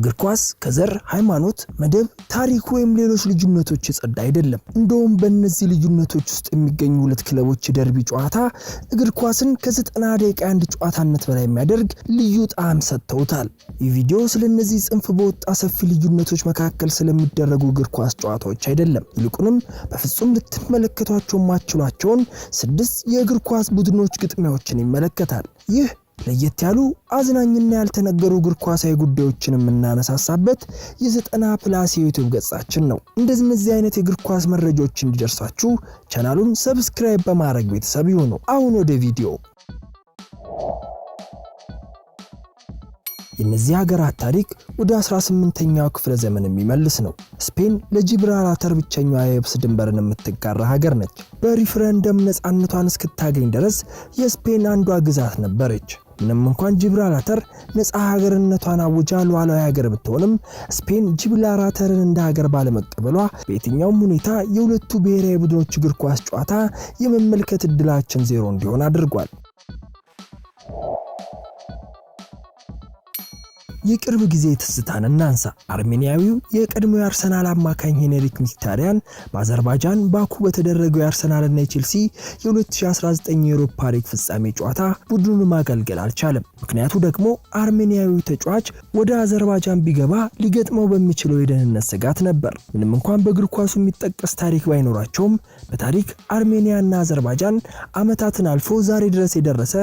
እግር ኳስ ከዘር፣ ሃይማኖት፣ መደብ፣ ታሪክ ወይም ሌሎች ልዩነቶች የጸዳ አይደለም። እንደውም በእነዚህ ልዩነቶች ውስጥ የሚገኙ ሁለት ክለቦች የደርቢ ጨዋታ እግር ኳስን ከዘጠና ደቂቃ አንድ ጨዋታነት በላይ የሚያደርግ ልዩ ጣዕም ሰጥተውታል። ይህ ቪዲዮ ስለ እነዚህ ጽንፍ በወጣ ሰፊ ልዩነቶች መካከል ስለሚደረጉ እግር ኳስ ጨዋታዎች አይደለም። ይልቁንም በፍጹም ልትመለከቷቸው ማችሏቸውን ስድስት የእግር ኳስ ቡድኖች ግጥሚያዎችን ይመለከታል። ይህ ለየት ያሉ አዝናኝና ያልተነገሩ እግር ኳሳዊ ጉዳዮችን የምናነሳሳበት የዘጠና ፕላስ የዩቲዩብ ገጻችን ነው። እንደዚህ አይነት የእግር ኳስ መረጃዎች እንዲደርሳችሁ ቻናሉን ሰብስክራይብ በማድረግ ቤተሰብ ይሁኑ። አሁን ወደ ቪዲዮ የእነዚህ ሀገራት ታሪክ ወደ 18ኛው ክፍለ ዘመን የሚመልስ ነው። ስፔን ለጂብራላተር ብቸኛዋ የብስ ድንበርን የምትጋራ ሀገር ነች። በሪፍረንደም ነፃነቷን እስክታገኝ ድረስ የስፔን አንዷ ግዛት ነበረች። ምንም እንኳን ጅብራላተር ነፃ ሀገርነቷን አውጃ ሉዓላዊ ሀገር ብትሆንም ስፔን ጅብራላተርን እንደ ሀገር ባለመቀበሏ በየትኛውም ሁኔታ የሁለቱ ብሔራዊ ቡድኖች እግር ኳስ ጨዋታ የመመልከት እድላችን ዜሮ እንዲሆን አድርጓል። የቅርብ ጊዜ ትስታን እናንሳ። አርሜኒያዊው የቀድሞው የአርሰናል አማካኝ ሄኔሪክ ሚኪታሪያን በአዘርባጃን ባኩ በተደረገው የአርሰናልና የቼልሲ የ2019 የአውሮፓ ሊግ ፍጻሜ ጨዋታ ቡድኑን ማገልገል አልቻለም። ምክንያቱ ደግሞ አርሜኒያዊው ተጫዋች ወደ አዘርባጃን ቢገባ ሊገጥመው በሚችለው የደህንነት ስጋት ነበር። ምንም እንኳን በእግር ኳሱ የሚጠቀስ ታሪክ ባይኖራቸውም በታሪክ አርሜኒያና አዘርባጃን ዓመታትን አልፎ ዛሬ ድረስ የደረሰ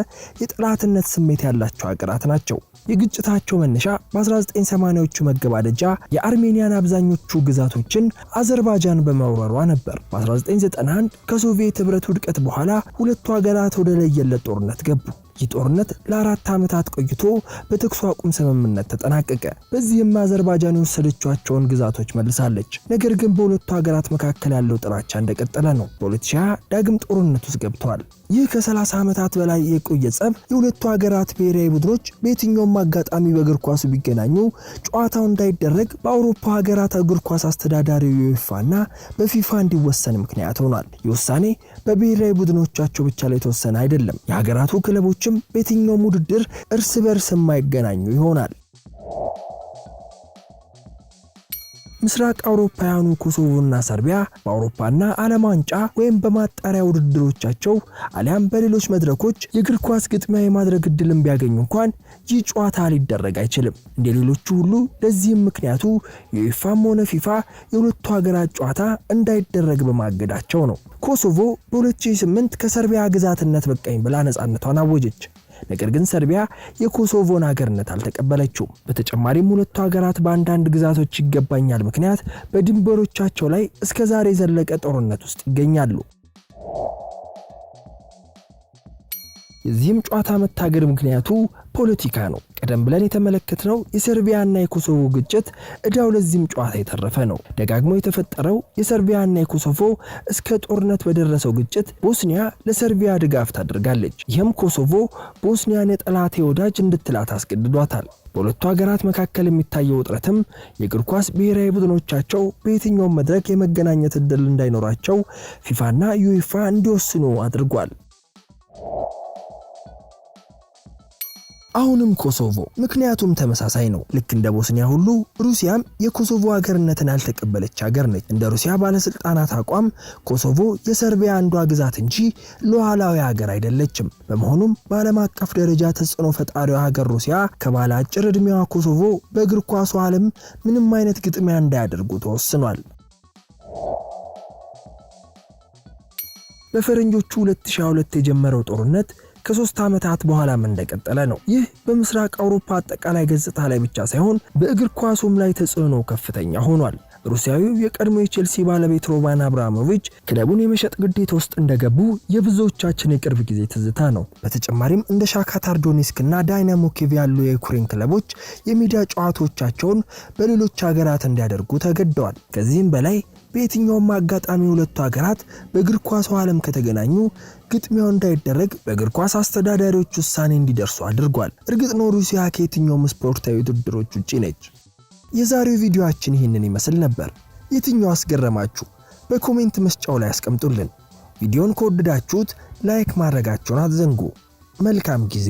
የጠላትነት ስሜት ያላቸው ሀገራት ናቸው። የግጭታቸው መነሻ በ1980ዎቹ መገባደጃ የአርሜኒያን አብዛኞቹ ግዛቶችን አዘርባጃን በመውረሯ ነበር። በ1991 ከሶቪየት ህብረት ውድቀት በኋላ ሁለቱ ሀገራት ወደ ለየለት ጦርነት ገቡ። ይህ ጦርነት ለአራት ዓመታት ቆይቶ በተኩስ አቁም ስምምነት ተጠናቀቀ። በዚህም አዘርባጃን የወሰደቻቸውን ግዛቶች መልሳለች። ነገር ግን በሁለቱ ሀገራት መካከል ያለው ጥላቻ እንደቀጠለ ነው። በ2020 ዳግም ጦርነት ውስጥ ገብተዋል። ይህ ከ30 ዓመታት በላይ የቆየ ጸብ የሁለቱ ሀገራት ብሔራዊ ቡድኖች በየትኛውም አጋጣሚ በእግር ኳሱ ቢገናኙ ጨዋታው እንዳይደረግ በአውሮፓ ሀገራት እግር ኳስ አስተዳዳሪ ዩኤፋና በፊፋ እንዲወሰን ምክንያት ሆኗል። ይህ ውሳኔ በብሔራዊ ቡድኖቻቸው ብቻ ላይ የተወሰነ አይደለም። የሀገራቱ ክለቦችም በየትኛውም ውድድር እርስ በርስ የማይገናኙ ይሆናል። ምስራቅ አውሮፓውያኑ ኮሶቮና ሰርቢያ በአውሮፓና ዓለም ዋንጫ ወይም በማጣሪያ ውድድሮቻቸው አሊያም በሌሎች መድረኮች የእግር ኳስ ግጥሚያ የማድረግ እድልን ቢያገኙ እንኳን ይህ ጨዋታ ሊደረግ አይችልም። እንደ ሌሎቹ ሁሉ ለዚህም ምክንያቱ የዩኤፋም ሆነ ፊፋ የሁለቱ ሀገራት ጨዋታ እንዳይደረግ በማገዳቸው ነው። ኮሶቮ በ2008 ከሰርቢያ ግዛትነት በቃኝ ብላ ነጻነቷን አወጀች። ነገር ግን ሰርቢያ የኮሶቮን ሀገርነት አልተቀበለችውም። በተጨማሪም ሁለቱ ሀገራት በአንዳንድ ግዛቶች ይገባኛል ምክንያት በድንበሮቻቸው ላይ እስከዛሬ የዘለቀ ጦርነት ውስጥ ይገኛሉ። የዚህም ጨዋታ መታገድ ምክንያቱ ፖለቲካ ነው። ቀደም ብለን የተመለከትነው የሰርቢያና የኮሶቮ ግጭት እዳው ለዚህም ጨዋታ የተረፈ ነው። ደጋግሞ የተፈጠረው የሰርቢያና የኮሶቮ እስከ ጦርነት በደረሰው ግጭት ቦስኒያ ለሰርቢያ ድጋፍ ታደርጋለች። ይህም ኮሶቮ ቦስኒያን የጠላቴ ወዳጅ እንድትላት አስገድዷታል። በሁለቱ ሀገራት መካከል የሚታየው ውጥረትም የእግር ኳስ ብሔራዊ ቡድኖቻቸው በየትኛውም መድረክ የመገናኘት እድል እንዳይኖራቸው ፊፋና ዩኤፋ እንዲወስኑ አድርጓል። አሁንም ኮሶቮ። ምክንያቱም ተመሳሳይ ነው። ልክ እንደ ቦስኒያ ሁሉ ሩሲያም የኮሶቮ ሀገርነትን ያልተቀበለች ሀገር ነች። እንደ ሩሲያ ባለስልጣናት አቋም ኮሶቮ የሰርቢያ አንዷ ግዛት እንጂ ሉዓላዊ ሀገር አይደለችም። በመሆኑም በዓለም አቀፍ ደረጃ ተጽዕኖ ፈጣሪዋ ሀገር ሩሲያ ከባለ አጭር ዕድሜዋ ኮሶቮ በእግር ኳሱ ዓለም ምንም አይነት ግጥሚያ እንዳያደርጉ ተወስኗል። በፈረንጆቹ 2022 የጀመረው ጦርነት ከሶስት ዓመታት በኋላም እንደቀጠለ ነው። ይህ በምስራቅ አውሮፓ አጠቃላይ ገጽታ ላይ ብቻ ሳይሆን በእግር ኳሱም ላይ ተጽዕኖ ከፍተኛ ሆኗል። ሩሲያዊው የቀድሞ የቼልሲ ባለቤት ሮማን አብራሞቪች ክለቡን የመሸጥ ግዴታ ውስጥ እንደገቡ የብዙዎቻችን የቅርብ ጊዜ ትዝታ ነው። በተጨማሪም እንደ ሻካታር ዶኔስክ እና ዳይናሞ ኪቭ ያሉ የዩክሬን ክለቦች የሚዲያ ጨዋታዎቻቸውን በሌሎች ሀገራት እንዲያደርጉ ተገደዋል። ከዚህም በላይ በየትኛውም አጋጣሚ ሁለቱ ሀገራት በእግር ኳሱ ዓለም ከተገናኙ ግጥሚያው እንዳይደረግ በእግር ኳስ አስተዳዳሪዎች ውሳኔ እንዲደርሱ አድርጓል። እርግጥ ነው ሩሲያ ከየትኛውም ስፖርታዊ ውድድሮች ውጪ ነች። የዛሬው ቪዲዮአችን ይህንን ይመስል ነበር። የትኛው አስገረማችሁ? በኮሜንት መስጫው ላይ አስቀምጡልን። ቪዲዮን ከወደዳችሁት ላይክ ማድረጋችሁን አትዘንጉ። መልካም ጊዜ